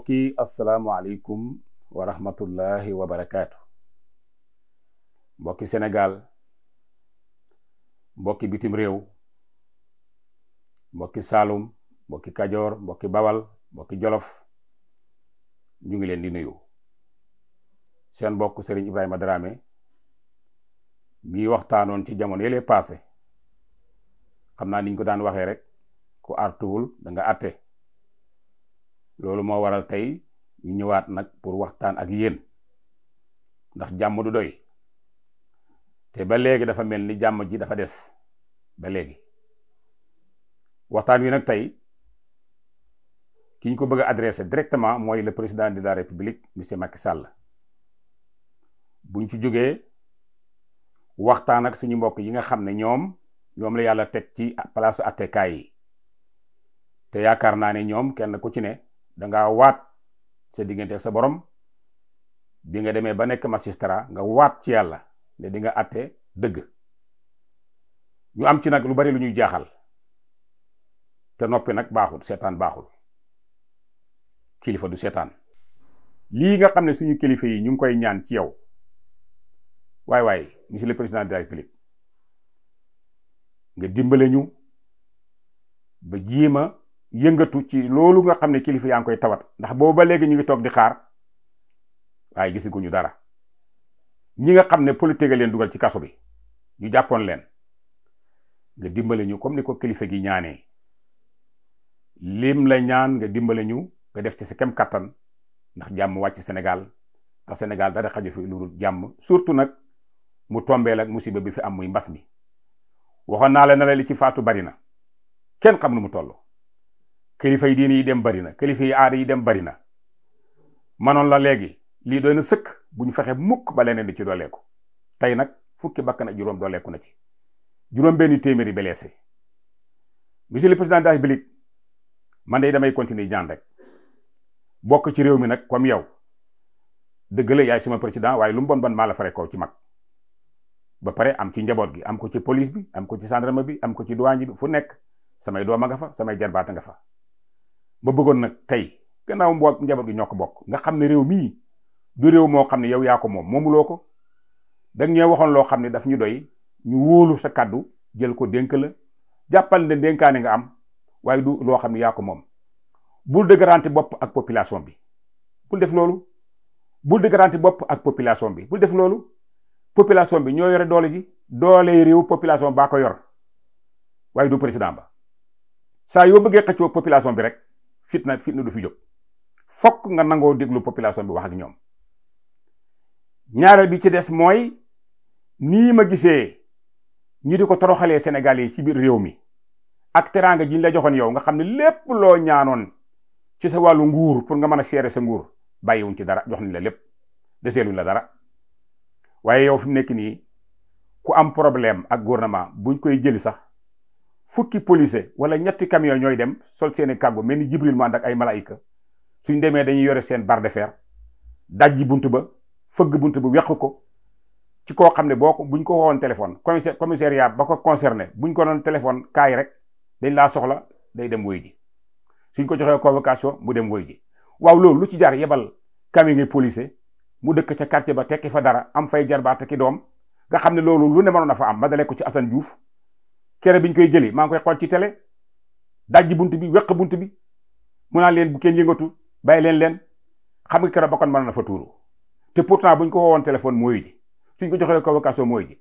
mbokk yi asalaamualeykum wa rahmatullahi wa barakaatu mbokki Sénégal mbokki bitim réew mbokki Saalum mbokki Kajoor mbokki Bawal mbokki Jolof ñu ngi leen di nuyu seen mbokk Serigne Ibrahima Dramé mii waxtaanoon ci jamono yële passé xam naa niñ ko daan waxee rek ku artuwul da nga loolu moo waral tey ñu ñëwaat nag pour waxtaan ak yéen ndax jàmm du doy te ba léegi dafa mel ni jàmm ji dafa des ba léegi waxtaan wi nag tey ki ko bëgg a adressé directement mooy le président de la république monsieur Macky Sall buñ ci jógee waxtaan ak suñu mbokk yi nga xam ne ñoom ñoom la yàlla teg ci place su àttekaay yi te yaakaar naa ne ñoom kenn ku ci ne. dangaa waat sa diggante ak sa borom bi nga demee ba nekk magistrat nga waat ci yàlla ne di nga àtte dëgg ñu am ci nag lu bari lu ñuy jaaxal te noppi nag baaxul seetaan baaxul kilifa du seetaan lii nga xam ne suñu kilifa yi ñu ngi koy ñaan ci yow waaye waay monsieur le président de la république nga dimbale ñu ba jiima yëngatu ci loolu nga xam ne kilifa yaa ngi koy tawat ndax boobu ba léegi ñu ngi toog di xaar waaye gisaguñu dara ñi nga xam ne politique leen dugal ci kaso bi ñu jàppoon leen nga dimbale ñu comme ni ko kilifa gi ñaanee lim la ñaan nga dimbale ñu nga def ci sa kem kattan ndax jàmm wàcc senegal ndax senegal dara xaju fi lu dul jàmm surtout nag mu tombee ak musiba bi fi am muy mbas mi waxoon naa la na la li ci faatu bari na kenn xam nu mu toll. kilifa yi diine yi dem bari na kilifa yi aada yi dem bari na manoon la léegi lii doy na sëkk bu ñu fexe mukk ba leneen di ci dooleeku tey nag fukki bakkan ak juróom dooleeku na ci juróom benni téeméeri blessé monsieur le président de la République man de damay continuer ñaan rek bokk ci réew mi nag comme yow dëgg la yaay suma président waaye lu mu bon bon maa la fare kaw ci mag ba pare am ci njaboot gi am ko ci police bi am ko ci gendarme bi am ko ci douane fu nekk samay doom a nga fa samay jarbaata nga fa ba bëggoon nag tey gannaaw mboot njaboot gi ñoo ko bokk nga xam ne réew mii du réew moo xam ne yow yaa ko moom loo ko danga ñee waxoon loo xam ne daf ñu doy ñu wóolu sa kàddu jël ko dénk la jàppal ne dénkaane nga am waaye du loo xam ne yaa ko moom bul dëgërante bopp ak population bi bul def loolu bul dëgërante bopp ak population bi bul def loolu population bi ñoo yore doole ji doole réew population baa ko yor waaye du président ba saa yoo bëggee xëccoo population bi rek fitna fitna du fi jog fokk nga nangoo déglu population bi wax ak ñoom ñaareel bi ci des mooy nii ma gisee ñi di ko toroxalee senegal yi ci biir réew mi ak teraanga ji ñu la joxoon yow nga xam ne lépp loo ñaanoon ci sa wàllu nguur pour nga mën a seere sa nguur bàyyiwuñ ci dara jox nañ la lépp deseeluñ la dara waaye yow fi mu nekk nii ku am problème ak gouvernement buñ koy jëli sax fukki policier wala ñetti camion ñooy dem sol seeni kàggu mel ni Jibril Mande ak ay malaayika suñ demee dañuy yore seen barre de fer dajji bunt ba fëgg bunt ba weq ko ci koo xam ne boo ko buñ ko woowoon téléphone commissaire commissariat ba ko buñ ko doon téléphone kaay rek dañ laa soxla day dem woy suñ ko joxee convocation mu dem woy ji waaw loolu lu ci jaar yebal camion ngi policier mu dëkk ca quartier ba tekki fa dara am fay jarbaat ki doom nga xam ne loolu lu ne mënoon a fa am ma ko ci Assane Diouf kere bi ñu koy jëli maa ngi koy xool ci tele dajji bunt bi weq bunt bi mu naan leen bu kenn yëngatu bay leen leen xam nga kere bakkan mën na fa tuuru te pourtant buñ ko woowoon téléphone mooy ji suñ ko joxee convocation mooy ji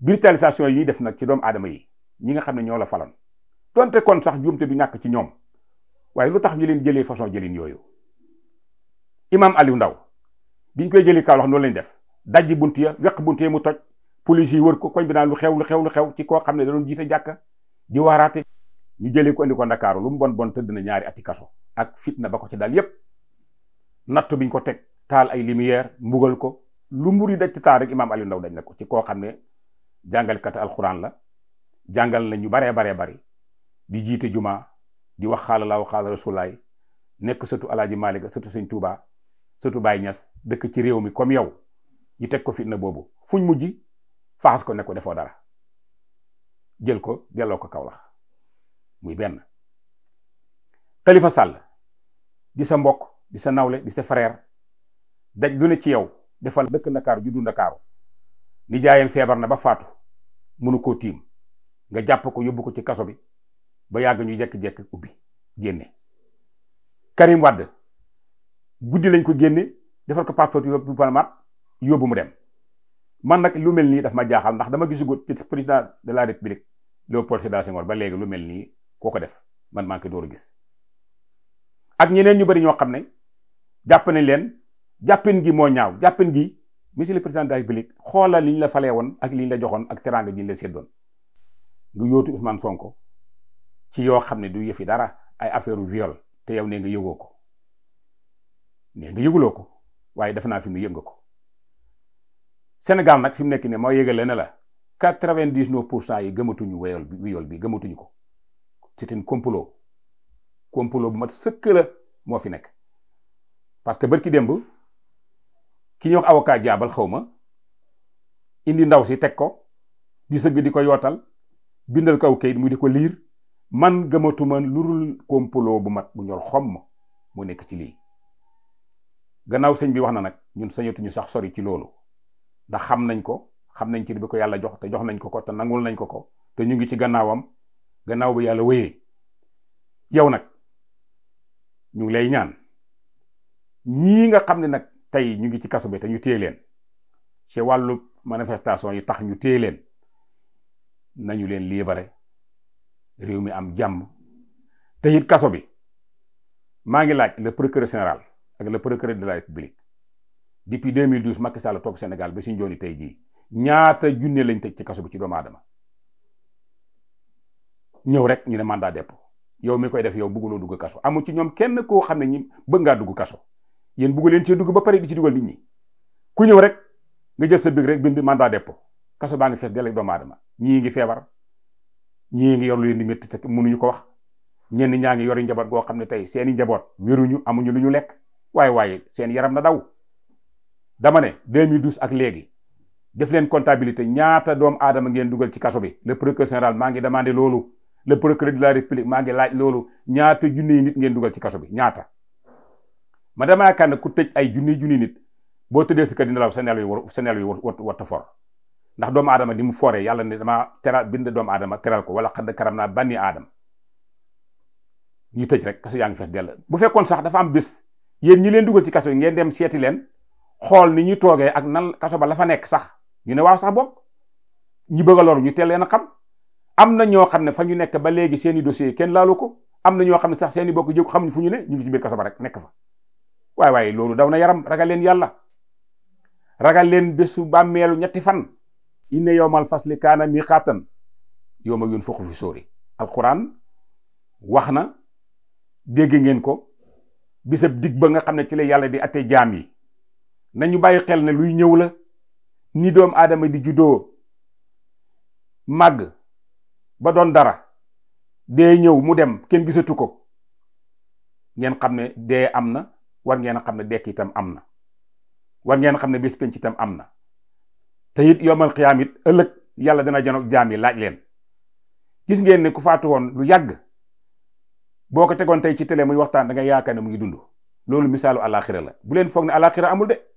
brutalisation yi ñuy def nag ci doomu aadama yi ñi nga xam ne ñoo la faloon donte kon sax juumte du ñàkk ci ñoom waaye lu tax ñu leen jëlee façon jëlin yooyu imam Aliou Ndao biñ koy jëli Kaolack noonu lañ def dajj bunt ya weq bunt ya mu toj police yi wër ko koñ bi naan lu xew lu xew lu xew ci ko xam ne da doon jiite jàkka di waaraate ñu jëlee ko indi ko ndakaaru lu mu bon bon tëdd na ñaari ati kaso ak na ba ko ci daal yépp natt biñ ko teg taal ay lumière mbugal ko lu mbur yi daj ci taal rek imaam Aliou Ndao dañ ne ko ci koo xam ne jàngalkat alxuraan la jàngal na ñu baree baree bari di jiite juma di wax xaala laa wa xaala suulaay nekk sëtu alaaji Malick sëtu sëñ Touba sëtu Baye ñas dëkk ci réew mi comme yow ñu faxas ko ne ko defoo dara jël ko delloo ko Kawlax muy benn Khalifa sàll di sa mbokk di sa nawle di sa frère daj lu ne ci yow defal dëkk Ndakaaru juddu Ndakaaru nijaayam feebar na ba faatu mënu koo tiim nga jàpp ko yóbbu ko ci kaso bi ba yàgg ñu jekk-jekk ubbi génne Karim Wade guddi lañ ko génne defar ko passeport yóbbu Panama yóbbu mu dem man nag lu mel nii daf ma jaaxal ndax dama gisugut ci président de la république Léopold Sédar Senghor ba léegi lu mel nii koo ko def man maa ngi koy door gis ak ñeneen ñu bari ñoo xam ne jàpp nañ leen jàppin gi moo ñaaw jàppin gi monsieur le président de la république xoolal li ñu la falee woon ak li ñu la joxoon ak teraanga ji ñu la seddoon nga yóotu Ousmane Sonko ci yoo xam ne du yëfi dara ay affaire u viol te yow nee nga yëgoo ko nee nga yëguloo ko waaye def naa fi mu yëg nga ko Sénégal nag fi mu nekk nii moo yëgale ne la quatre-vingt-dix-neuf pour cent yi gëmatuñu wéyal bi wéyal bi gëmatuñu ko c'est un complot complot bu mat sëkk moo fi nekk parce que ki démb ki ñuy wax avocat jaabal xaw ma indi ndaw si teg ko di sëgg di ko yootal bindal kaw kayit mu di ko liir man gëmatuma lu dul complot bu mat bu ñor xomm mu nekk ci lii gannaaw sëñ bi wax na nag ñun sëñatuñu sax sori ci loolu ndax xam nañ ko xam nañ cër bi ko yàlla jox te jox nañ ko ko te nangul nañ ko ko te ñu ngi ci gannaawam gannaaw bi yàlla wéyee yow nag ñu ngi lay ñaan ñii nga xam ne nag tey ñu ngi ci kaso bi te ñu téye leen ci wàllu manifestation yi tax ñu téye leen nañu leen libéré réew mi am jàmm te it kaso bi maa ngi laaj le procureur général ak le procureur de la république depuis 2012 Macky Sall toog Sénégal ba si njooni tey jii ñaata junne lañ tëj ci kaso bi ci doomu aadama ñëw rek ñu ne mandat dépôt yow mi koy def yow bëgguloo dugg kaso amul ci ñoom kenn ko xam ne ñi bëgg ngaa dugg kaso yéen bugg leen cee dugg ba pare di ci dugal nit ñi ku ñëw rek nga jël sa big rek bind mandat dépôt kaso baa ngi fees dell ak doomu aadama ñii ngi feebar ñii ngi yor lu leen di métti te ñu ko wax ñenn ñaa ngi yori njaboot goo xam ne tey seeni njaboot wéruñu amuñu lu ñu lekk waaye seen yaram na daw dama ne 2012 ak léegi def leen comptabilité ñaata doomu aadama ngeen dugal ci kaso bi le procureur général maa ngi demandé loolu le procureur de la république maa ngi laaj loolu ñaata junniy nit ngeen dugal ci kaso bi ñaata. ma dama yaakaar ne ku tëj ay junniy junniy nit boo tëddee si kër dina la seen nelaw yi war seen nelaw yi war war ta for ndax doomu aadama ni mu foree yàlla ne damaa teral bind doomu adama teral ko wala xadd karam naa bànni aadama ñu tëj rek kaso yaa ngi fees dell bu fekkoon sax dafa am bés yéen ñi leen dugal ci kaso yi ngeen dem seeti leen xool ni ñuy toogee ak nan kaso ba la fa nekk sax ñu ne waaw sax bokk ñu bëgg a loru ñu teel leen a xam am na ñoo xam ne fa ñu nekk ba léegi seeni dossier kenn laalu ko am na ñoo xam ne sax seeni bokk jóg xamuñ fu ñu ne ñu ngi ci biir kaso rek nekk fa waaye waaye loolu daw na yaram ragal leen yàlla ragal leen bésu bàmmeelu ñetti fan inna yawmal fasli kaana miqaatan yawma yunfaxu fi sóori alquran wax na dégg ngeen ko bisab dig ba nga xam ne ci la yàlla di atte jaam yi nañu bàyyi xel ne luy ñëw la ni doomu aadama di juddoo màgg ba doon dara dee ñëw mu dem kenn gisatu ko ngeen xam ne dee am na war ngeen xam ne dekk itam am na war ngeen xam ne bés penc itam am na te it yomal xiyaam it ëllëg yàlla dana janoog jaam yi laaj leen gis ngeen ne ku faatu woon lu yàgg boo ko tegoon tey ci télé muy waxtaan da nga ne mu ngi dund loolu misaalu alaxira la bu leen foog ne alaxira amul de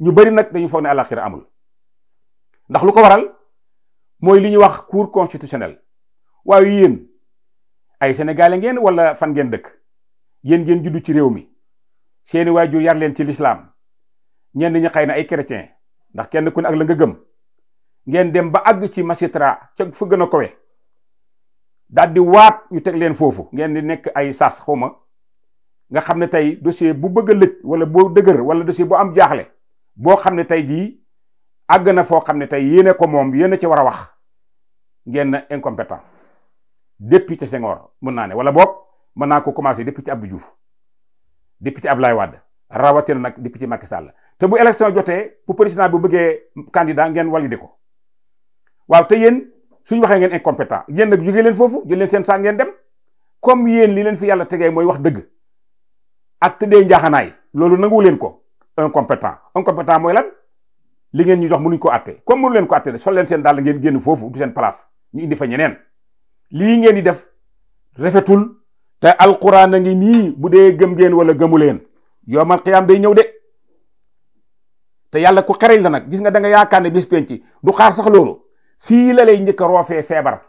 ñu bari nag dañu foog ne àllaaxira amul ndax lu ko waral mooy li ñuy wax cour constitutionnel waaye yéen ay sénégalais ngeen wala fan ngeen dëkk yéen ngeen juddu ci réew mi seeni waajur yar leen ci lislaam ñeen ñi xëy na ay chrétien ndax kenn ku ne ak la nga gëm ngeen dem ba àgg ci magistrat ca fa na a kowe daal di waat ñu teg leen foofu ngeen di nekk ay sas xawma nga xam ne tey dossier bu bëgg a lëj wala boo dëgër wala dossier bu am jaaxle boo xam ne tey jii àgg na foo xam ne tey yéene ko moom yéene ci war a wax ngeen na incompétent depuis ci Senghor mën naa ne wala boog mën naa ko commencé depuis ci Abdou Diouf depuis ci Abdoulaye Wade rawatina nag depuis ci Macky Sall te bu élection jotee bu naa bu bëggee candidat ngeen validé ko waaw te yéen suñu waxee ngeen incompétent yéen nag jógee leen foofu jël leen seen saa ngeen dem comme yéen li leen fi yàlla tegee mooy wax dëgg ak tëddee njaaxanaay loolu nanguwu leen ko incompétent incompétent mooy lan li ngeen ñu jox mënuñ ko àtte comme mënu leen ko àtte sol leen seen dàll ngeen génn foofu du seen place ñu indi fa ñeneen lii ngeen di def rafetul te alquran a ngi nii bu dee gëm geen wala gëmu leen yowmal qiyaam day ñëw de te yàlla ku xereñ la nag gis nga da nga yaakaar ne bis penc du xaar sax loolu fii la lay njëkk a roofee feebar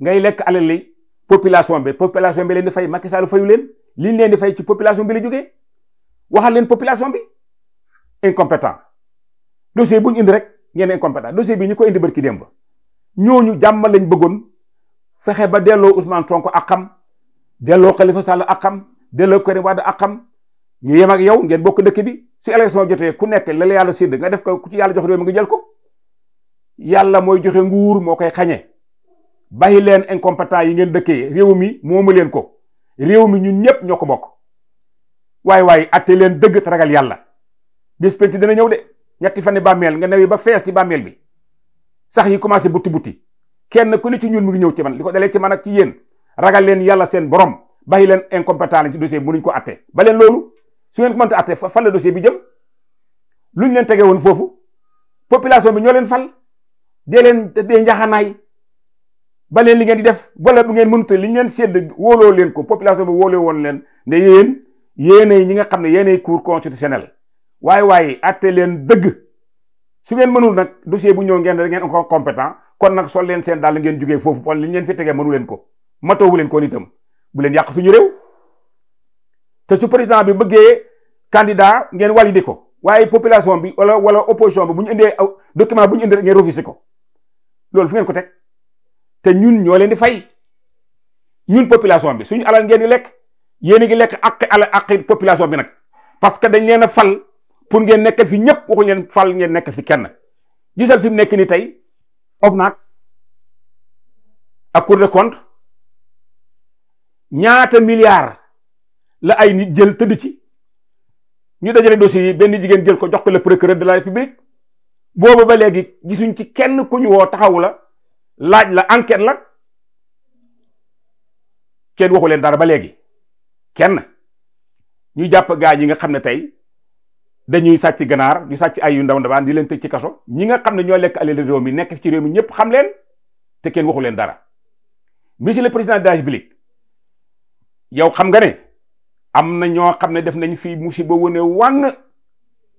ngay lekk alal li population bi population bi leen di fay Macky Sall fayu leen liñ leen di ci population bi la jógee waxal leen population bi incompétent dossier bu ñu indi rek ngeen incompétent dossier bi ñu ko indi bërki démb ñooñu jàmm lañ bëggoon fexe ba delloo Ousmane Sonko ak xam delloo Khalifa Sall ak xam delloo Karim Wade ak xam ñu yem ak yow ngeen bokk dëkk bi su élection jotee ku nekk la la yàlla sédd nga def ko ku ci yàlla jox réew mi nga jël ko yàlla mooy joxe nguur moo koy xañe bàyyi leen incompétent yi ngeen dëkkee réew mi moomu leen ko réew mi ñun ñëpp ñoo ko bokk waaye waaye atte leen dëgg te ragal yàlla bis penc dana ñëw de ñetti fan bàmmeel nga newi ba fees ci bàmmeel bi sax yi commencé butti butti kenn ku ne ci ñun mu ngi ñëw ci man li ko dalee ci man ak ci yéen ragal leen yàlla seen borom bàyyi leen incompétent lañ ci dossier bi mënuñ ko atte ba leen loolu su ngeen ko mënta atte fan bi jëm luñ leen tege woon foofu population bi ñoo leen fal dee leen dee njaxanaay ba leen li ngeen di def wala bu ngeen mënut liñ leen sédd wóoloo leen ko population bi wóole woon leen ne yéen yéenay ñi nga xam ne yéenay cour constitutionnel waaye waaye atte leen dëgg su ngeen mënul nag dossier bu ñëw ngeen da ngeen encore compétent kon nag sol leen seen daal ngeen jugee foofu kon li ñu leen fi tegee mënu leen ko matoowu leen ko nitam bu leen yàq suñu rew te su président bi bëggee candidat ngeen validé ko waaye population bi wala wala opposition bi bu ñu indee document bu ñu indee ngeen refusé ko loolu fu ngeen ko teg te ñun ñoo leen di fay ñun population bi suñu alal ngeen di lekk. yéen a ngi lekk aqi ala aqi population bi nag parce que dañ leen a fal pour ngeen nekkal fi ñëpp waxuñ leen fal ngeen nekk fi kenn gisal fi mu nekk ni tey OFNAC ak Cour des comptes ñaata milliards la ay nit jël tëdd ci ñu dajale dossier yi benn jigéen jël ko jox ko le procureur de la république boobu ba léegi gisuñ ci kenn ku ñu woo taxawu la laaj la enquête la kenn waxu leen dara ba léegi kenn ñu jàpp gaa yi nga xam ne tey dañuy sàcc ganaar ñu sàcc ay yu ndaw ndawaan di leen tëj ci kaso ñi nga xam ne ñoo lekk alal réew mi nekk ci réew mi ñëpp xam leen te kenn waxu leen dara monsieur le président de la république yow xam nga ne am na ñoo xam ne def nañ fii musiba wane wàng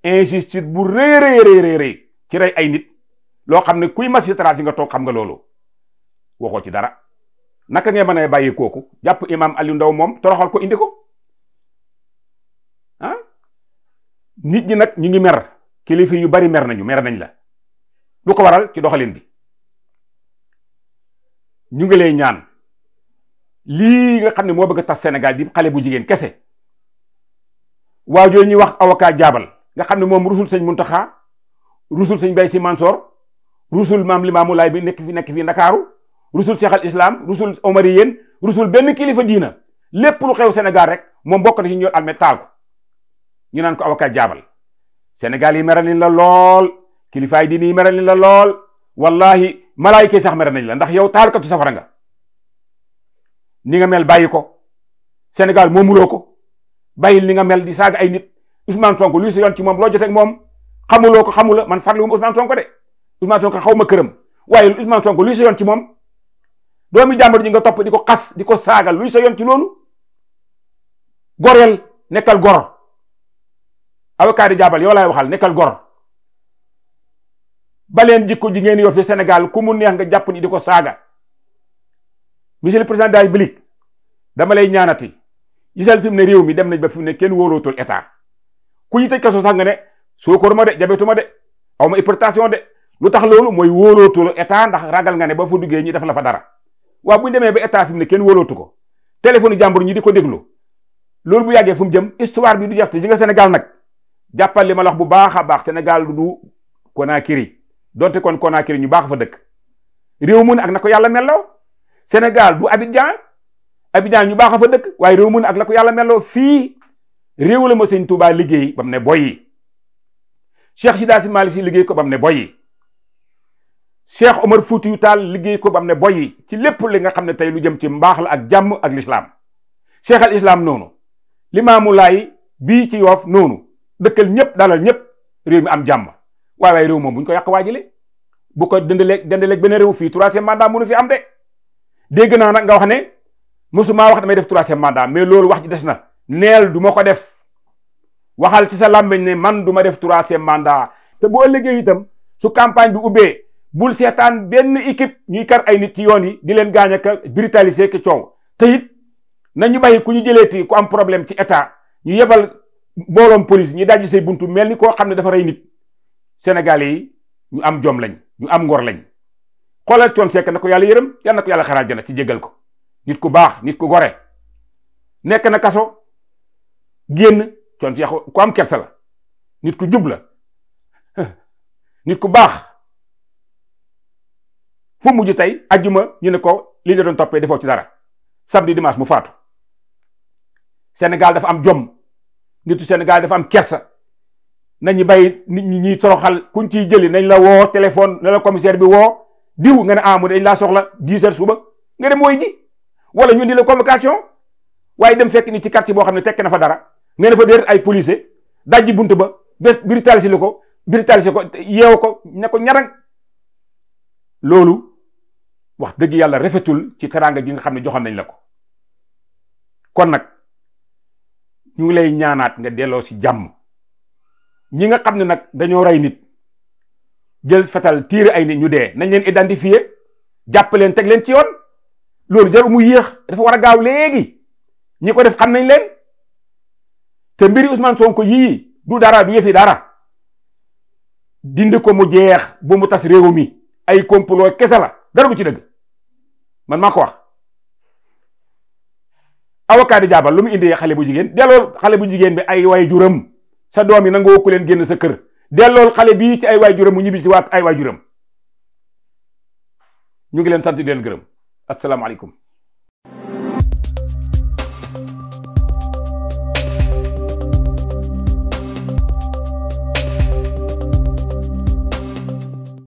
injustice bu rëy rëy rëy ci rey ay nit loo xam ne kuy magistrat yi nga toog xam nga loolu waxoo ci dara naka ngay mën a bàyyi kooku jàpp imaam Aliou ndaw moom toroxal ko indi ko ah? nit ñi nag ñu ngi mer kilifa yu bari mer nañu mer nañ la lu ko waral ci doxalin bi ñu ngi lay ñaan lii nga xam ne moo bëgg a tas senegal di xale bu jigéen kese waa jooju ñuy wax avocat jaabal nga xam ne moom rusul sëñ Muntaxa rusul sëñ Bay Si Mansoor rusul maam Limaamu Laay bi nekk fi nekk fi Ndakaaru rusul cheikh al islam rusul omariyeen rusul benn kilifa diina lépp lu xew Sénégal rek moom bokk na ci ñor almet taal ko ñu naan ko avocat jaabal senegal yi mere nañ la lool kilifaay diini yi mere nañ la lool wallahi malaayika yi sax mere nañ la ndax yow taalkatu safara nga ni nga mel bàyyi ko Sénégal moomuloo ko bàyyil ni nga mel di saaga ay nit Ousmane Sonko luy sa ci moom loo joteeg moom xamuloo ko xamula man farlu wum Ousmane Sonko de Ousmane Sonko xaw ma këram waaye Ousmane Sonko luy sa moom. doomi jàmbur ji nga topp di ko xas di ko saaga luy sa yoon ci loolu goreel nekkal gor avocat di jàbbal yow laay waxal nekkal gor baleen jikko ji ngeen yor fi Sénégal ku mu neex nga jàpp ni di ko saaga monsieur le président de la dama lay ñaanati gisal fi mu ne réew mi dem nañ ba fi mu ne kenn wóolootul état ku ñu tëj kaso sax nga ne sookoruma de jabetuma de aw ma hypertension de lu tax loolu mooy wóolootul état ndax ragal nga ne ba fa duggee ñi def la fa dara waaw bu ñu demee ba état fi mu ne kenn wóolootu ko téléphone jàmbur ñi di ko déglu loolu bu yàggee fu mu jëm histoire bi du jeex te ji senegal nag jàppal li ma la wax bu baax a baax Sénégal du Conakry donte kon Conakry ñu baax fa dëkk réew mu ne ak na ko yàlla melloo Sénégal du Abidjan Abidjan ñu baax a fa dëkk waaye réew mu ne ak la ko yàlla melloo fii réew la ma sëñ Touba liggéey ba ne boy yi Cheikh Sida Si liggéey ko ba ne boy Cheikh Omar Foutiyou Tall liggéey ko ba am ne boy ci lépp li nga xam ne tey lu jëm ci mbaax la ak jàmm ak lislaam cheikh islaam noonu noonu limaamu laay bii ci yoof noonu dëkkal ñëpp dalal ñëpp réew mi am jàmm waaye waaye réew moom bu ñu ko yàq waajale bu ko dëndaleeg dëndaleeg beneen réew fii troisième mandat mënu fi am de dégg naa na nga wax ne mosuma wax damay def troisième manda mais loolu wax ji des na neel du ko def waxal ci sa làmmiñ ne man duma ma def troisième mandat te bu ëllëgee su campagne bi ubbee bul seetaan benn équipe ñuy kar ay nit ci yoon yi di leen gaañ ak brutaliser ki coow te nañu bàyyi ku ñu jëlee ti ku am problème ci état ñu yebal mbooloom police ñu daj say buntu mel ni koo xam ne dafa rey nit Sénégalais yi ñu am jom lañ ñu am ngor lañ xoolal coon sekk na ko yàlla yërëm yal na ko yàlla xaraal jana ci jégal ko nit ku baax nit ku gore nekk na kaso génn coon seexu ku am kersa la nit ku jub la nit ku baax fu mujj tey ajjuma ñu ne ko lii la doon toppee defoo ci dara samedi dimanche mu faatu senegal dafa am jom nitu senegal dafa am kersa nañu bàyyi nit ñi ñuy toroxal kuñ ciy jëli nañ la woo téléphone ne la commissaire bi woo diw nga ne ah mu dañ laa soxla dix heures suba nga dem woy ji wala ñu di la convocation waaye dem fekk ni ci quartier boo xam ne tekk na fa dara nga ne fa déet ay policier dajj bunt ba bés brutalisé ko brutalisé ko yeewu ko ne ko ñarang loolu wax dëgg yàlla rafetul ci teraanga gi nga xam ne joxoon nañ la ko kon nag ñu ngi lay ñaanaat nga delloo si jàmm ñi nga xam ne nag dañoo ay nit jël fetal tiir ay nit ñu dee nañ leen identifier jàpp leen teg leen ci yoon loolu jarul mu yéex dafa war a gaaw leegi ñi ko def xam nañ leen te mbiri Ousmane Sonko yii du dara du yëfi dara dindi ko mu jeex bu mu tas réew mi ay complot kese la. dara du ci dëgg man maa ko wax avocat di jaabal lu mu indi xale bu jigéen delloo xale bu jigéen bi ay waay juram sa doom yi nangoo ku leen génn sa kër delloo xale bii ci ay way juram mu ñibbi ci waat ay way juram ñu ngi leen sant di leen gërëm asalaamaaleykum